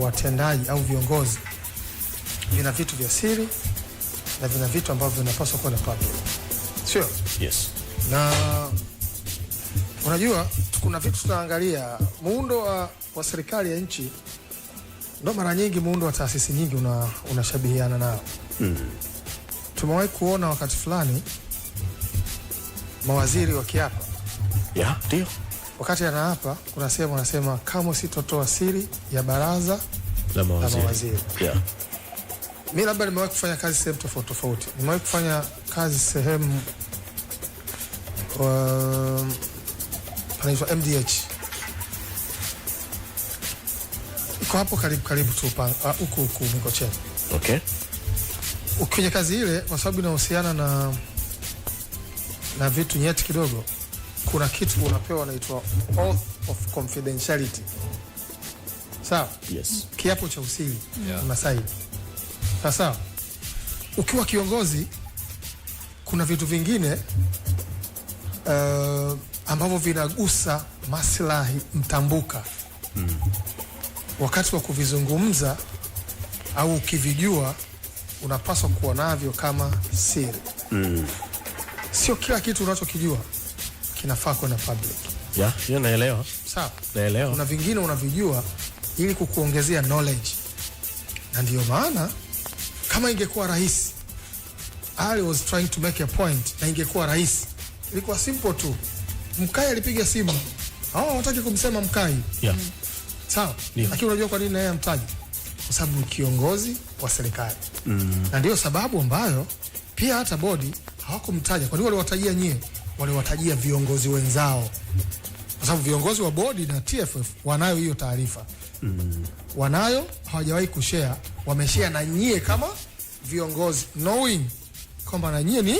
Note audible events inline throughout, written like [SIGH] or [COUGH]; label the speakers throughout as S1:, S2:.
S1: watendaji au viongozi vina vitu vya siri na vina vitu ambavyo vinapaswa kwenda public, sio? Yes. Na unajua kuna vitu tunaangalia, muundo wa, wa serikali ya nchi ndo mara nyingi muundo wa taasisi nyingi una, unashabihiana nao mm. Tumewahi kuona wakati fulani mawaziri wakiapa, yeah, Wakati anaapa kuna sehemu anasema kama sitotoa siri ya baraza
S2: la mawaziri.
S1: Yeah. Mi labda nimewahi kufanya kazi sehemu tofauti tofauti. Nimewahi kufanya kazi sehemu um, panaitwa MDH iko hapo karibu karibu tu uh, huku huku Mikocheni. Okay. Ukifanya kazi ile, kwa sababu inahusiana na na vitu nyeti kidogo kuna kitu unapewa unaitwa oath of confidentiality.
S2: Sawa? Yes.
S1: Kiapo cha usiri yeah. Unasaini. Sasa ukiwa kiongozi kuna vitu vingine uh, ambavyo vinagusa maslahi mtambuka mm. Wakati wa kuvizungumza au ukivijua unapaswa kuwa navyo kama siri mm. Sio kila kitu unachokijua kinafaa kwenda public.
S2: Ya, hiyo naelewa. Sawa. Naelewa.
S1: Kuna vingine unavijua ili kukuongezea knowledge. Na ndio maana kama ingekuwa rahisi Ali was trying to make a point na ingekuwa rahisi. Ilikuwa simple tu. Mkai alipiga simu. Ah, oh, unataka kumsema Mkai. Ya. Yeah. Sawa. Yeah. Lakini unajua kwa nini naye amtaji? Kwa sababu kiongozi wa serikali. Mm. Na ndio sababu ambayo pia hata bodi hawakumtaja. Kwa nini waliwatajia nyie? waliwatajia viongozi wenzao, kwa sababu viongozi wa bodi na TFF wanayo hiyo taarifa mm. Wanayo, hawajawahi kushare, wameshare na nyie kama viongozi knowing kwamba na nyie ni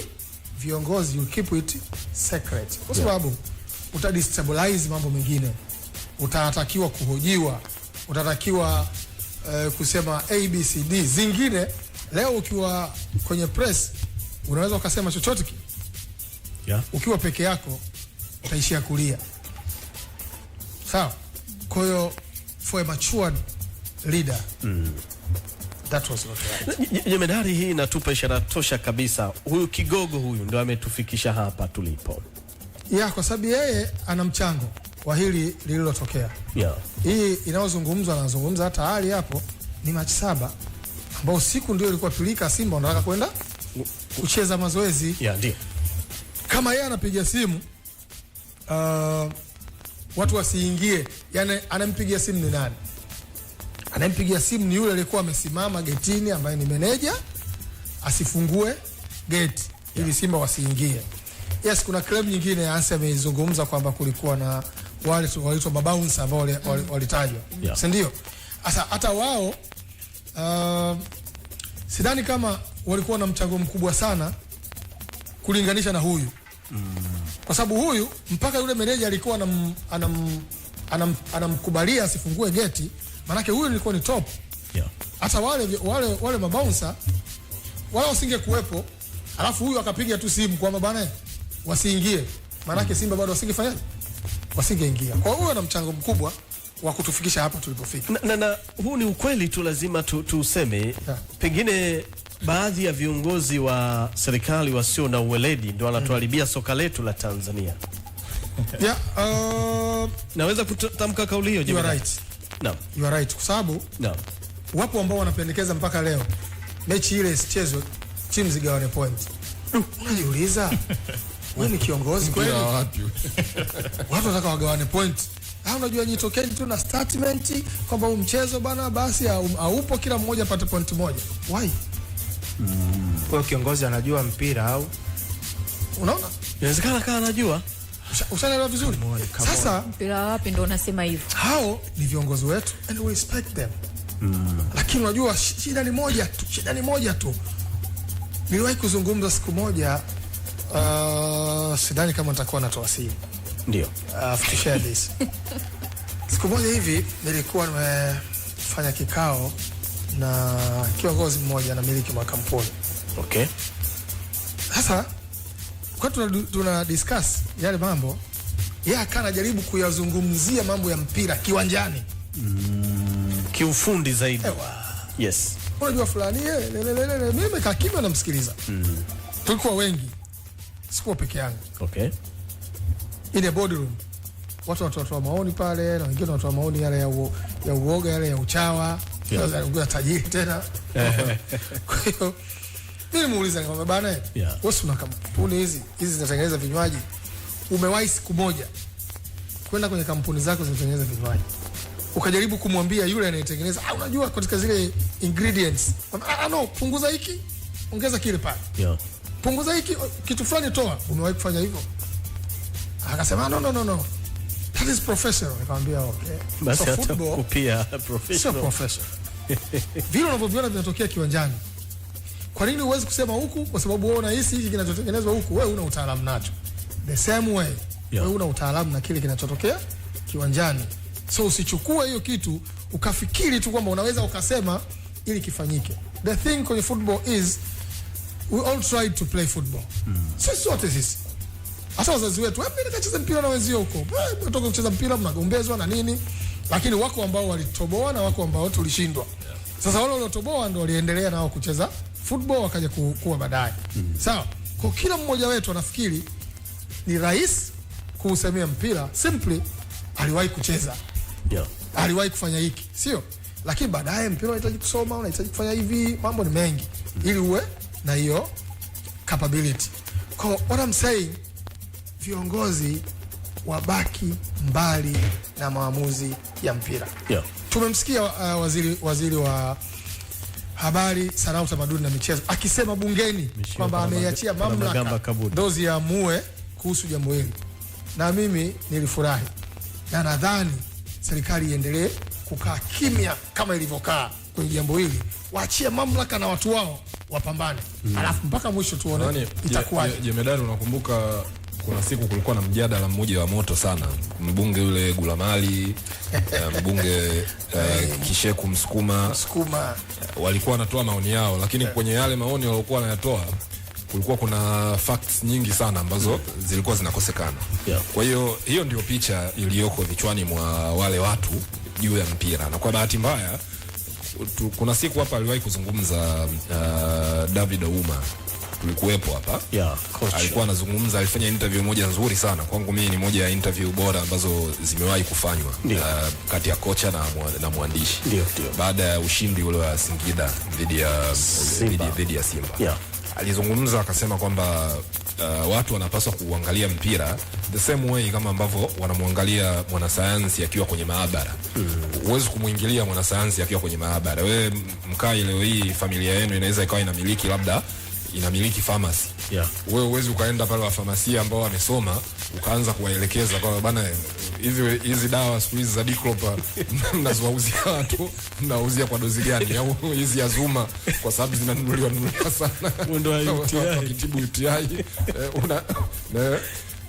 S1: viongozi, you keep it secret kwa sababu yeah. Utadestabilize mambo mengine, utatakiwa kuhojiwa, utatakiwa uh, kusema abcd zingine. Leo ukiwa kwenye press unaweza ukasema chochote yeah. Ukiwa peke yako utaishia kulia, sawa. Kwa hiyo for a matured leader mm. That was not
S2: right. Jemedari, hii inatupa ishara tosha kabisa, huyu kigogo huyu ndo ametufikisha hapa tulipo,
S1: yeah, kwa sababu yeye ana mchango wa hili lililotokea. Yeah. Hii inayozungumzwa anazungumza hata hali hapo ni Machi saba ambao siku ndio ilikuwa pilika Simba wanataka kwenda kucheza mazoezi. Yeah, ndio kama yeye anapiga simu uh, watu wasiingie. Yani anampigia simu ni nani? Anampigia simu ni yule aliyekuwa amesimama getini, ambaye ni meneja, asifungue geti ili Simba wasiingie. Yes, kuna klabu nyingine ya ameizungumza kwamba kulikuwa na wale walitoa mabounce ambao mm. walitajwa, yeah. si ndio? Sasa hata wao uh, sidhani kama walikuwa na mchango mkubwa sana kulinganisha na huyu kwa sababu huyu mpaka yule meneja alikuwa anam, anam, anam, anamkubalia asifungue geti, maanake huyu nilikuwa ni top hata yeah. Wale, wale, wale mabounsa wala kuwepo, alafu huyu akapiga tu simu kwamba bana wasiingie, maanake mm. Simba bado wasingefanya wasingeingia. Kwa hiyo huyu ana mchango mkubwa wa kutufikisha hapa tulipofika,
S2: na, na, na huu ni ukweli tu lazima tuseme tu yeah. pengine baadhi ya viongozi wa serikali wasio na uweledi ndio wanatuharibia mm. soka letu la Tanzania. [LAUGHS]
S1: Yeah, uh,
S2: naweza kutamka kauli hiyo. You are right. No.
S1: You are right kwa sababu no. Wapo ambao wanapendekeza mpaka leo mechi ile isichezwe, timu zigawane point. Mm, unajiuliza, [LAUGHS] wewe ni kiongozi kweli? Wapi [LAUGHS] watu wataka wagawane point? Ah, unajua tokeni tu na statement kwamba mchezo bana, basi haupo, kila mmoja apate point moja. Why? huyo kiongozi anajua mpira au unaona,
S2: inawezekana kama anajua.
S1: Ushaelewa vizuri. Sasa
S3: mpira wapi ndo unasema hivyo?
S1: Hao ni viongozi wetu and we respect them. Mm. Lakini unajua shida ni moja tu, shida ni moja tu. Niliwahi kuzungumza siku moja uh, sidhani kama nitakuwa natoa simu. Ndio. Uh, to share this. [LAUGHS] Siku moja hivi nilikuwa nimefanya kikao na kiongozi mmoja na miliki makampuni Okay. Sasa kwa tuna, tuna discuss yale mambo yeye akaa anajaribu kuyazungumzia mambo ya mpira kiwanjani
S2: mm, kiufundi zaidi. Yes.
S1: Unajua fulani yeye eh, mimi nimekaa kimya namsikiliza. Mm. Tulikuwa wengi. Sikuwa peke yangu. Okay. Ile boardroom watu wanatoa maoni pale na wengine wanatoa maoni yale ya, uo, ya uoga yale ya uchawa. Yeah. Tajiri tena. [LAUGHS] Kwa hiyo mimi muuliza nikamwambia bana, yeah. Wewe una kampuni hizi hizi zinatengeneza vinywaji, umewahi siku moja kwenda kwenye kampuni zako zinatengeneza vinywaji ukajaribu kumwambia yule anayetengeneza, ah, unajua katika zile ingredients, ah, ah, no, punguza hiki ongeza kile pale, yeah. punguza hiki kitu fulani toa, umewahi kufanya hivyo? Akasema no, no, no, no, that is professional. Nikamwambia okay,
S2: so football, kupia professional, sio
S1: professional vile unavyoviona vinatokea kiwanjani kwa nini huwezi kusema huku? Kwa sababu wewe unahisi hiki kinachotengenezwa huku, wewe una utaalamu nacho the same way yeah. Wewe una utaalamu na kile kinachotokea kiwanjani, so usichukue hiyo kitu ukafikiri tu kwamba unaweza ukasema ili kifanyike. The thing kwenye football is we all try to play football mm. Sisi sote sisi hasa wazazi wetu, wewe nikacheza mpira na wenzio huko, mtoka kucheza mpira mnagombezwa na nini, lakini wako ambao walitoboa na wako ambao tulishindwa. Sasa wale waliotoboa ndio waliendelea nao kucheza football wakaja kuwa baadaye mm. Sawa, kwa kila mmoja wetu anafikiri ni rahisi kuusemea mpira simply, aliwahi kucheza yeah. aliwahi kufanya hiki, sio lakini baadaye mpira unahitaji kusoma, unahitaji kufanya hivi, mambo ni mengi mm. ili uwe na hiyo capability. Kwa what I'm saying, viongozi wabaki mbali na maamuzi ya mpira yeah. Tumemsikia uh, waziri, waziri wa habari, sanaa, utamaduni na michezo, akisema bungeni kwamba ameiachia mamlaka dozi ya amue kuhusu jambo hili, na mimi nilifurahi na nadhani serikali iendelee kukaa kimya kama ilivyokaa kwenye jambo hili, waachie mamlaka na watu wao wapambane, hmm. alafu mpaka mwisho tuone itakuwaje.
S4: Jemedari, unakumbuka kuna siku kulikuwa na mjadala mmoja wa moto sana, mbunge yule Gulamali eh, mbunge uh, Kisheku Msukuma,
S1: Msukuma
S4: walikuwa wanatoa maoni yao, lakini kwenye yale maoni waliokuwa wanayatoa kulikuwa kuna facts nyingi sana ambazo zilikuwa zinakosekana. Kwa hiyo hiyo ndio picha iliyoko vichwani mwa wale watu juu ya mpira, na kwa bahati mbaya kuna siku hapa aliwahi kuzungumza uh, David Ouma alikuwepo hapa yeah, alikuwa anazungumza, alifanya interview moja nzuri sana kwangu mimi, ni moja ya interview bora ambazo zimewahi kufanywa uh, kati ya kocha na, na mwandishi baada ya ushindi ule wa Singida dhidi ya Simba, dhidi ya Simba. Yeah. Alizungumza akasema kwamba Uh, watu wanapaswa kuangalia mpira the same way kama ambavyo wanamwangalia mwanasayansi akiwa kwenye maabara. Mm. Huwezi mm, kumwingilia mwanasayansi akiwa kwenye maabara. Wewe mkai leo hii familia yenu inaweza ikawa inamiliki labda inamiliki pharmacy. Yeah. Wewe uwezi ukaenda pale wa ambao wamesoma ukaanza kuwaelekeza kwamba bana hizi hizi dawa siku hizi za diklopa uh, [LAUGHS] mnaziwauzia watu mnawauzia kwa dozi gani au hizi azuma kwa sababu zinanunuliwa nunuliwa sana.
S1: Ndio UTI. [LAUGHS]
S4: Kitibu UTI. Eh, una eh,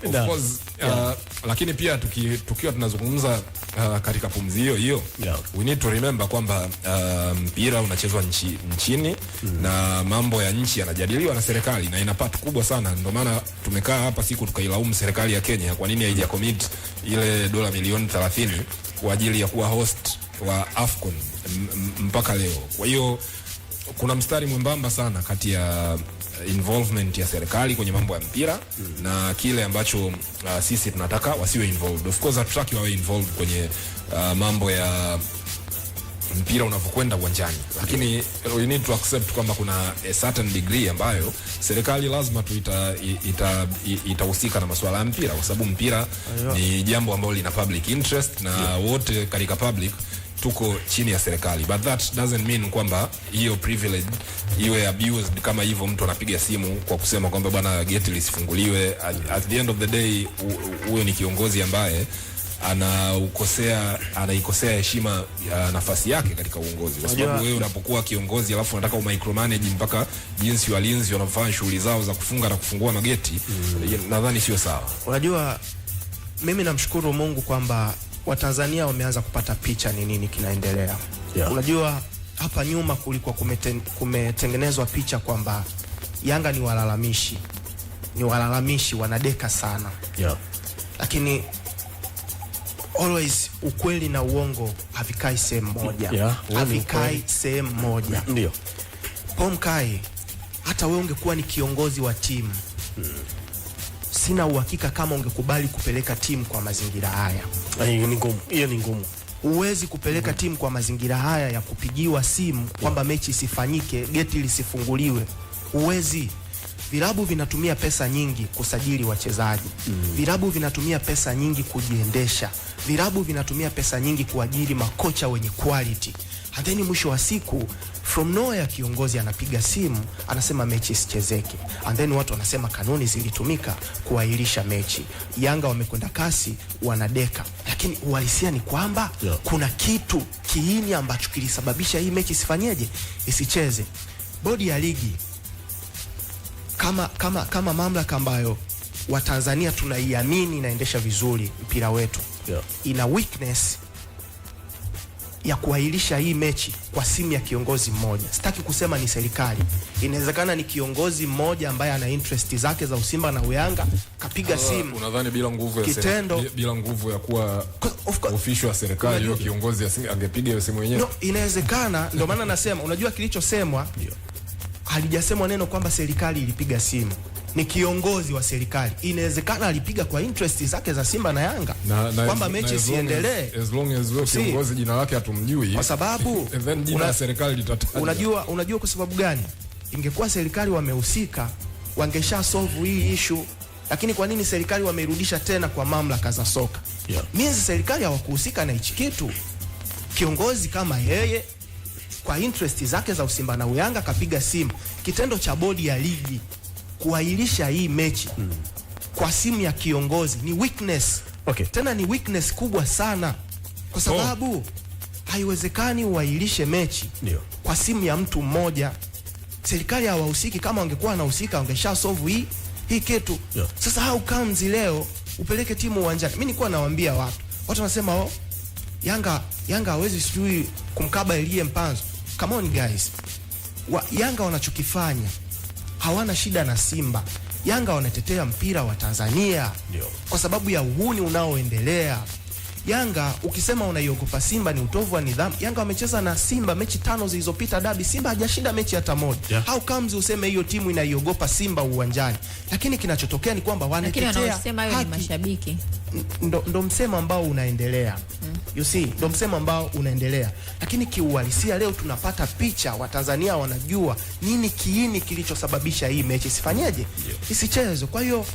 S4: of course uh, yeah. lakini pia tuki, tukiwa tunazungumza uh, katika pumzi hiyo hiyo yeah. We need to remember kwamba uh, mpira unachezwa nchi, nchini mm. na mambo ya nchi yanajadiliwa na serikali na ina part kubwa sana. Ndio maana tumekaa hapa siku tukailaumu serikali ya Kenya kwa nini haija commit ile dola milioni 30 kwa ajili ya kuwa host wa Afcon mpaka leo. Kwa hiyo kuna mstari mwembamba sana kati ya Uh, involvement ya serikali kwenye mambo ya mpira mm. na kile ambacho uh, sisi tunataka wasiwe involved. Of course hatutaki wawe involved kwenye uh, mambo ya mpira unavyokwenda uwanjani, lakini uh, we need to accept kwamba kuna a certain degree ambayo serikali lazima tu itahusika ita, ita na masuala ya mpira, kwa sababu mpira ni jambo ambalo lina public interest na yeah. wote katika public tuko chini ya serikali, but that doesn't mean kwamba hiyo privilege iwe abused kama hivyo mtu anapiga simu kwa kusema kwamba bwana geti lisifunguliwe. At, the end of the day huyo ni kiongozi ambaye anaukosea anaikosea heshima ya nafasi yake katika uongozi, kwa sababu wewe unapokuwa kiongozi alafu unataka umicromanage mpaka jinsi walinzi wanafanya shughuli zao za kufunga na kufungua mageti mm. Nadhani sio sawa.
S1: Unajua, mimi namshukuru Mungu kwamba Watanzania wameanza kupata picha ni nini kinaendelea. Yeah. Unajua hapa nyuma kulikuwa kumeten, kumetengenezwa picha kwamba Yanga ni walalamishi, ni walalamishi, wanadeka sana. Yeah. Lakini always ukweli na uongo havikai sehemu moja. Yeah. Havikai sehemu moja. Ndio. Pomkai, hata wewe ungekuwa ni kiongozi wa timu hmm sina uhakika kama ungekubali kupeleka timu kwa mazingira haya.
S2: Hiyo ni ngumu,
S1: Huwezi kupeleka timu kwa mazingira haya ya kupigiwa simu kwamba mechi isifanyike, geti lisifunguliwe. Huwezi. Vilabu vinatumia pesa nyingi kusajili wachezaji mm. Vilabu vinatumia pesa nyingi kujiendesha. Vilabu vinatumia pesa nyingi kuajiri makocha wenye quality. And then mwisho wa siku from nowhere kiongozi anapiga simu anasema mechi isichezeke, and then watu wanasema kanuni zilitumika kuahirisha mechi. Yanga wamekwenda kasi, wanadeka, lakini uhalisia ni kwamba yeah, kuna kitu kiini ambacho kilisababisha hii mechi isifanyeje, isicheze. Bodi ya ligi kama, kama, kama mamlaka ambayo Watanzania tunaiamini inaendesha vizuri mpira wetu yeah, ina weakness ya kuahirisha hii mechi kwa simu ya kiongozi mmoja. Sitaki kusema ni serikali, inawezekana ni kiongozi mmoja ambaye ana interest zake za Usimba na Uyanga kapiga Hala, simu.
S4: Unadhani bila nguvu ya kitendo, bila nguvu ya kuwa official serikali, hiyo kiongozi angepiga hiyo simu yenyewe?
S1: No, inawezekana ndio maana nasema, unajua kilichosemwa, halijasemwa neno kwamba serikali ilipiga simu ni kiongozi wa serikali. Inawezekana alipiga kwa interest zake za Simba na Yanga kwamba mechi isiendelee,
S4: as long as wewe kiongozi jina lake hatumjui, kwa
S1: sababu [LAUGHS]
S4: una, serikali litatajwa.
S1: Unajua, unajua kwa sababu gani? Ingekuwa serikali wamehusika, wangesha solve hii issue lakini kwa nini serikali wamerudisha tena kwa mamlaka za soka? Yeah. Mimi serikali hawakuhusika na hichi kitu. Kiongozi kama yeye kwa interest zake za Usimba na Uyanga kapiga simu. Kitendo cha bodi ya ligi kuahirisha hii mechi mm. kwa simu ya kiongozi ni weakness. Okay. Tena ni weakness kubwa sana kwa oh. sababu oh. haiwezekani uahirishe mechi Ndio. kwa simu ya mtu mmoja. Serikali hawahusiki, kama wangekuwa wanahusika wangesha solve hii hii kitu yeah. Sasa how comes leo upeleke timu uwanjani? Mimi nilikuwa nawaambia watu, watu wanasema oh, Yanga Yanga hawezi sijui kumkaba Elie Mpanzo. Come on guys wa, Yanga wanachokifanya hawana shida na Simba. Yanga wanatetea mpira wa Tanzania Dio. kwa sababu ya uhuni unaoendelea Yanga ukisema unaiogopa Simba ni utovu wa nidhamu. Yanga wamecheza na Simba mechi tano zilizopita dabi, Simba hajashinda mechi hata moja.
S2: Yeah. How comes
S1: useme hiyo timu inaiogopa Simba uwanjani? Lakini kinachotokea ni kwamba wanatetea. Lakini
S3: wanasema hiyo ni mashabiki.
S1: Ndo, ndo msemo ambao unaendelea. Mm. You see, ndo msemo ambao unaendelea. Lakini kiuhalisia leo tunapata picha, Watanzania wanajua nini kiini kilichosababisha hii mechi sifanyeje? Yeah. Isichezwe. Kwa hiyo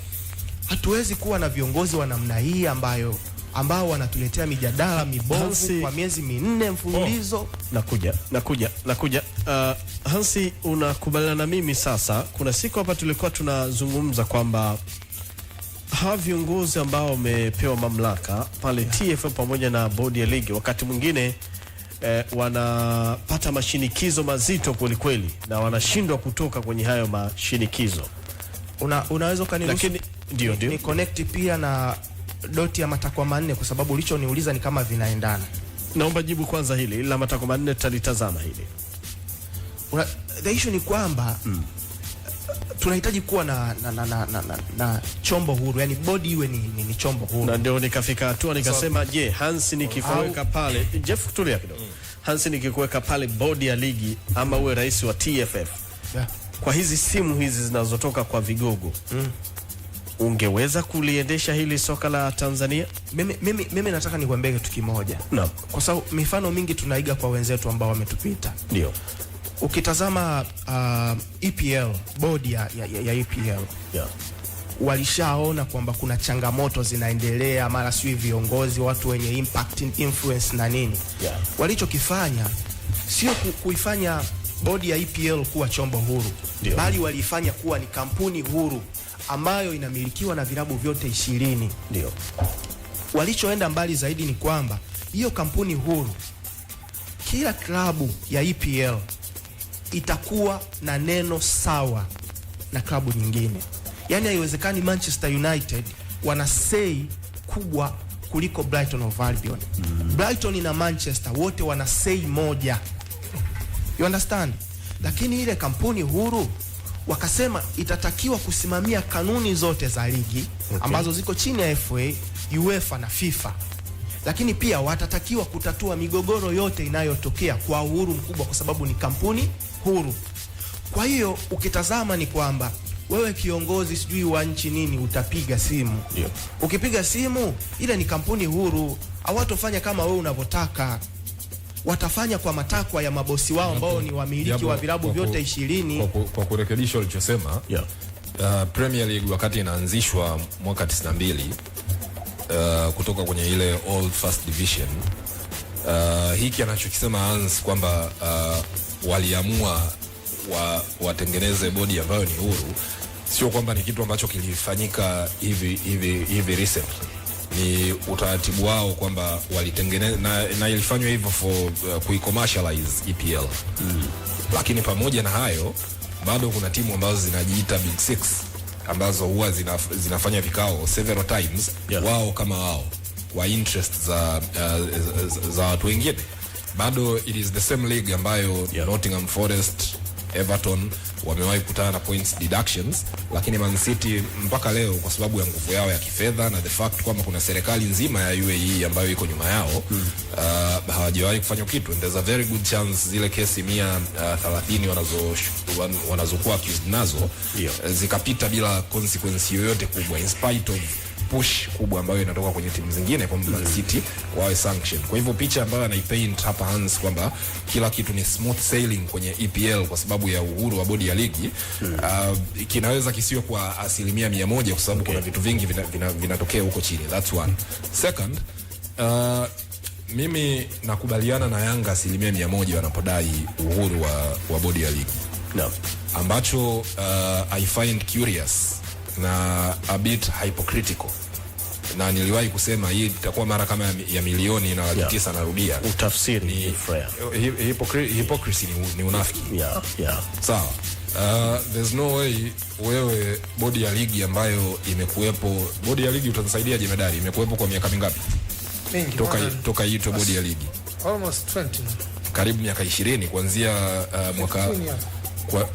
S1: hatuwezi kuwa na viongozi wa namna hii ambayo ambao wanatuletea mijadala mibovu kwa miezi minne mfululizo. Oh,
S2: nakuja nakuja nakuja. Uh, Hansi, unakubaliana na mimi sasa? Kuna siku hapa tulikuwa tunazungumza kwamba hawa viongozi ambao wamepewa mamlaka pale TFF pamoja na bodi ya ligi wakati mwingine eh, wanapata mashinikizo mazito kwelikweli na wanashindwa kutoka kwenye hayo mashinikizo.
S1: Una, unaweza ukaniruhusu ndio ni connect pia na doti ya matakwa manne, kwa sababu ulichoniuliza ni kama vinaendana.
S2: Naomba jibu kwanza hili la matakwa manne, tutalitazama hili.
S1: Una, the issue ni kwamba mm. tunahitaji kuwa na, na, na, na, na, na na chombo huru, yani bodi iwe ni, ni, ni chombo huru, na
S2: ndio nikafika hatua nikasema, so, je, Hans nikikuweka pale Jeff, tulia kidogo mm. Hans nikikuweka pale bodi ya ligi ama uwe rais wa TFF yeah. kwa hizi simu hizi zinazotoka kwa vigogo mm ungeweza kuliendesha hili soka la Tanzania?
S1: Mimi, mimi, mimi nataka nikuambie kitu kimoja no. Kwa sababu mifano mingi tunaiga kwa wenzetu ambao wametupita, ndio ukitazama uh, EPL bodi ya, ya, ya EPL yeah. Walishaona kwamba kuna changamoto zinaendelea, mara sijui viongozi, watu wenye impact influence na nini yeah. Walichokifanya sio ku, kuifanya bodi ya EPL kuwa chombo huru Bali walifanya kuwa ni kampuni huru ambayo inamilikiwa na vilabu vyote ishirini. Ndio walichoenda mbali zaidi ni kwamba hiyo kampuni huru, kila klabu ya EPL itakuwa na neno sawa na klabu nyingine. Yaani haiwezekani Manchester United wana sei kubwa kuliko Brighton of Albion. Mm. Brighton na Manchester wote wana sei moja, you understand? Lakini ile kampuni huru wakasema itatakiwa kusimamia kanuni zote za ligi okay, ambazo ziko chini ya FA, UEFA na FIFA, lakini pia watatakiwa kutatua migogoro yote inayotokea kwa uhuru mkubwa, kwa sababu ni kampuni huru. Kwa hiyo ukitazama ni kwamba wewe kiongozi sijui wa nchi nini, utapiga simu yeah. Ukipiga simu ile ni kampuni huru, hawatofanya kama wewe unavyotaka watafanya kwa matakwa ya mabosi wao ambao ni wamiliki wa vilabu vyote ishirini.
S4: Kwa kurekebisha ulichosema, yeah. Uh, Premier League wakati inaanzishwa mwaka 92 uh, kutoka kwenye ile old first division uh, hiki anachokisema Hans kwamba uh, waliamua wa, watengeneze bodi ambayo ni huru, sio kwamba ni kitu ambacho kilifanyika hivi hivi hivi recently ni utaratibu wao kwamba walitengeneza na, na ilifanywa hivyo for uh, kuicommercialize EPL mm. Lakini pamoja na hayo bado kuna timu ambazo zinajiita Big Six ambazo huwa zinaf, zinafanya vikao several times yeah. Wao kama wao kwa interest za uh, za watu wengine bado it is the same league ambayo yeah. Nottingham Forest, Everton wamewahi kukutana na points deductions, lakini Man City mpaka leo kwa sababu ya nguvu yao ya kifedha na the fact kwamba kuna serikali nzima ya UAE ambayo iko nyuma yao hmm. uh, hawajawahi kufanya kitu and there's a very good chance zile kesi 130 uh, wanazo wanazokuwa accused nazo yeah. zikapita bila consequence yoyote kubwa in spite of push kubwa ambayo inatoka kwenye timu zingine kwa Man mm-hmm. City wawe sanction. Kwa hivyo picha ambayo anaipaint hapa Hans kwamba kila kitu ni smooth sailing kwenye EPL kwa sababu ya uhuru wa bodi ya ya ligi mm. uh, kinaweza kisiwe kwa asilimia mia moja kwa sababu okay. kuna vitu vingi vinatokea vina, vina huko chini that's one. Second, uh, mimi nakubaliana na Yanga asilimia mia moja wanapodai uhuru wa, wa bodi ya ligi no. ambacho uh, I find curious na a bit hypocritical na niliwahi kusema hii itakuwa mara kama ya milioni na laki tisa yeah. narudia
S2: utafsiri ni,
S4: hypocrisy ni, ni unafiki
S2: yeah. Yeah.
S4: sawa so, Uh, there's no way wewe bodi ya ligi ambayo imekuwepo, bodi ya ligi utasaidia jemedari, imekuwepo kwa miaka mingapi? Mingi, toka toka iitwe bodi ya ligi almost 20, karibu miaka 20 kuanzia uh, mwaka 20,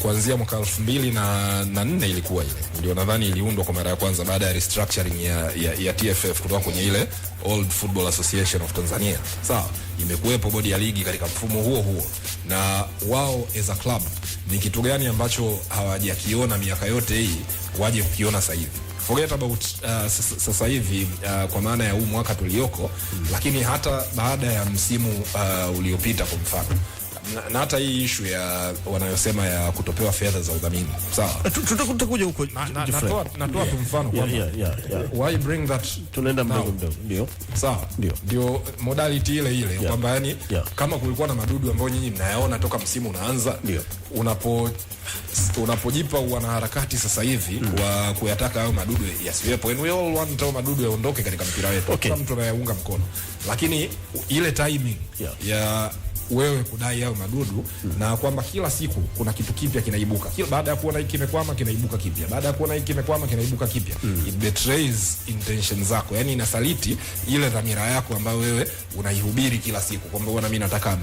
S4: kuanzia mwaka elfu mbili na, na nne ilikuwa ile ndio nadhani iliundwa kwa mara ya kwanza baada ya restructuring ya, ya, ya TFF kutoka kwenye ile Old Football Association of Tanzania. Sawa, imekuwepo bodi ya ligi katika mfumo huo huo, na wao as a club ni kitu gani ambacho hawajakiona miaka yote hii waje kukiona sasa hivi? Forget about uh, sasa hivi uh, kwa maana ya huu mwaka tulioko, mm. Lakini hata baada ya msimu uh, uliopita kwa mfano na, na hata hii ishu ya wanayosema ya kutopewa fedha za udhamini
S1: sawa, eh, tutakuja huko.
S4: Natoa tu mfano kwamba why bring that, tunaenda mdogo mdogo, ndio sawa,
S2: ndio ndio
S4: modality ile ile yeah. kwamba yani yeah. kama kulikuwa na madudu ambayo nyinyi mnayaona toka msimu unaanza ndio unapo unapojipa wanaharakati sasa hivi mm. wa kuyataka hayo madudu yasiwepo, and we all want hayo madudu yaondoke katika mpira wetu okay. Kila mtu anayaunga mkono, lakini ile timing yeah. ya wewe kudai hayo madudu mm. na kwamba kila siku kuna kitu kipya kinaibuka kila baada ya kuona hiki kimekwama kinaibuka kipya baada ya kuona hiki kimekwama kinaibuka kipya mm. it betrays intention zako yani inasaliti ile dhamira yako ambayo wewe unaihubiri kila siku kwamba bwana mimi nataka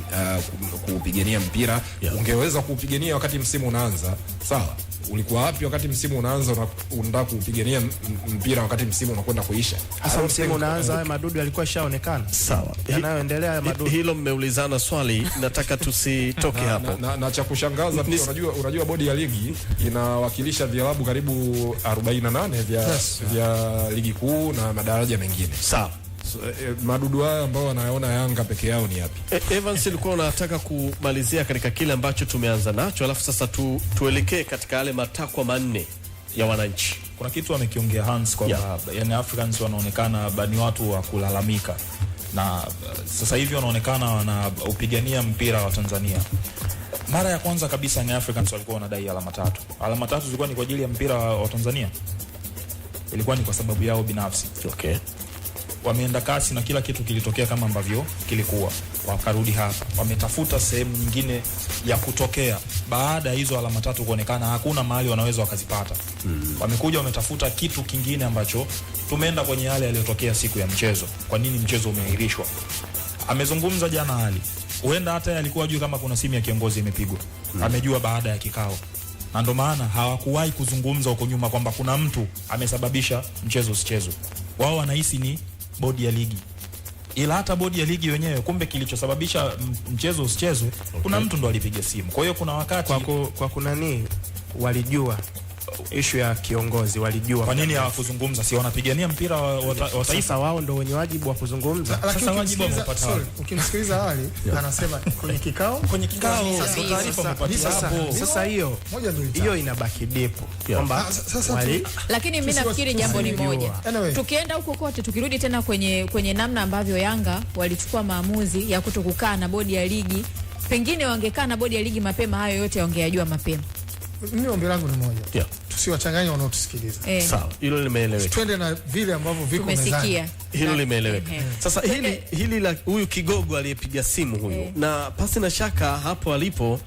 S4: uh, kuupigania mpira yeah. ungeweza kuupigania wakati msimu unaanza sawa ulikuwa wapi wakati msimu unaanza unataka kupigania mpira wakati msimu unakwenda kuisha
S1: hasa msimu unaanza haya madudu yalikuwa yashaonekana sawa yanayoendelea haya madudu
S2: hilo mmeulizana swali mbali, nataka tusitoke hapo na,
S4: na, na cha kushangaza pia unajua, unajua bodi ya ligi inawakilisha vilabu karibu 48 vya, yes, vya ligi kuu na madaraja mengine sawa. So, eh, madudu haya ambao wanaona Yanga peke yao ni yapi?
S2: E, Evans ilikuwa unataka kumalizia katika kile ambacho tumeanza nacho, alafu sasa tu, tuelekee katika yale matakwa manne ya wananchi.
S4: Kuna kitu wamekiongea Hans kwamba yeah. Yani Africans wanaonekana ni watu wa kulalamika na uh, sasa hivi wanaonekana wanaupigania mpira wa Tanzania. Mara ya kwanza kabisa ni Africans walikuwa wanadai alama tatu. Alama tatu zilikuwa ni kwa ajili ya mpira wa Tanzania, ilikuwa ni kwa sababu yao binafsi okay wameenda kasi na kila kitu kilitokea kama ambavyo kilikuwa, wakarudi hapa, wametafuta sehemu nyingine ya kutokea baada ya hizo alama tatu kuonekana, hakuna mahali wanaweza wakazipata. Mm. Wamekuja wametafuta kitu kingine ambacho tumeenda kwenye yale yaliyotokea siku ya mchezo. Kwa nini mchezo umeahirishwa? Amezungumza jana hali huenda hata alikuwa juu kama kuna simu ya kiongozi imepigwa. Mm. Amejua baada ya kikao na ndo maana hawakuwahi kuzungumza huko nyuma kwamba kuna mtu amesababisha mchezo usichezwe. Wao wanahisi ni bodi ya ligi ila hata bodi ya ligi wenyewe, kumbe kilichosababisha mchezo usichezwe, okay, kuna mtu ndo alipiga simu. Kwa hiyo kuna wakati
S1: ku, kwa kunani walijua ishu ya kiongozi walijua. Kwa
S4: nini hawakuzungumza? Si wanapigania mpira wa
S1: taifa wao, ndio wenye wajibu wa kuzungumza. Sasa wajibu wamepata wapi? Ukimsikiliza awali [LAUGHS] anasema kwenye kikao,
S4: kwenye kikao.
S1: Sasa hiyo hiyo inabaki depo kwamba ah,
S3: lakini mimi nafikiri jambo ni moja. Tukienda huko kote, tukirudi tena kwenye kwenye namna ambavyo Yanga walichukua maamuzi ya kutokukaa na bodi ya ligi, pengine wangekaa na bodi ya ligi mapema, hayo yote wangeyajua mapema
S1: mimi ombi langu ni moja yeah. Tusiwachanganye wanaotusikiliza
S2: eh. Sawa, hilo limeeleweka.
S1: Twende na vile ambavyo viko mezani,
S2: hilo limeeleweka eh. Sasa hili, hili la huyu kigogo aliyepiga simu huyu eh. Na pasi na shaka hapo alipo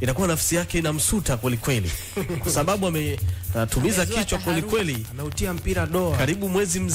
S2: inakuwa nafsi yake inamsuta kweli kweli [LAUGHS] kwa sababu ametumiza kichwa kweli kweli,
S1: ameutia mpira doa
S2: karibu mwezi mzima.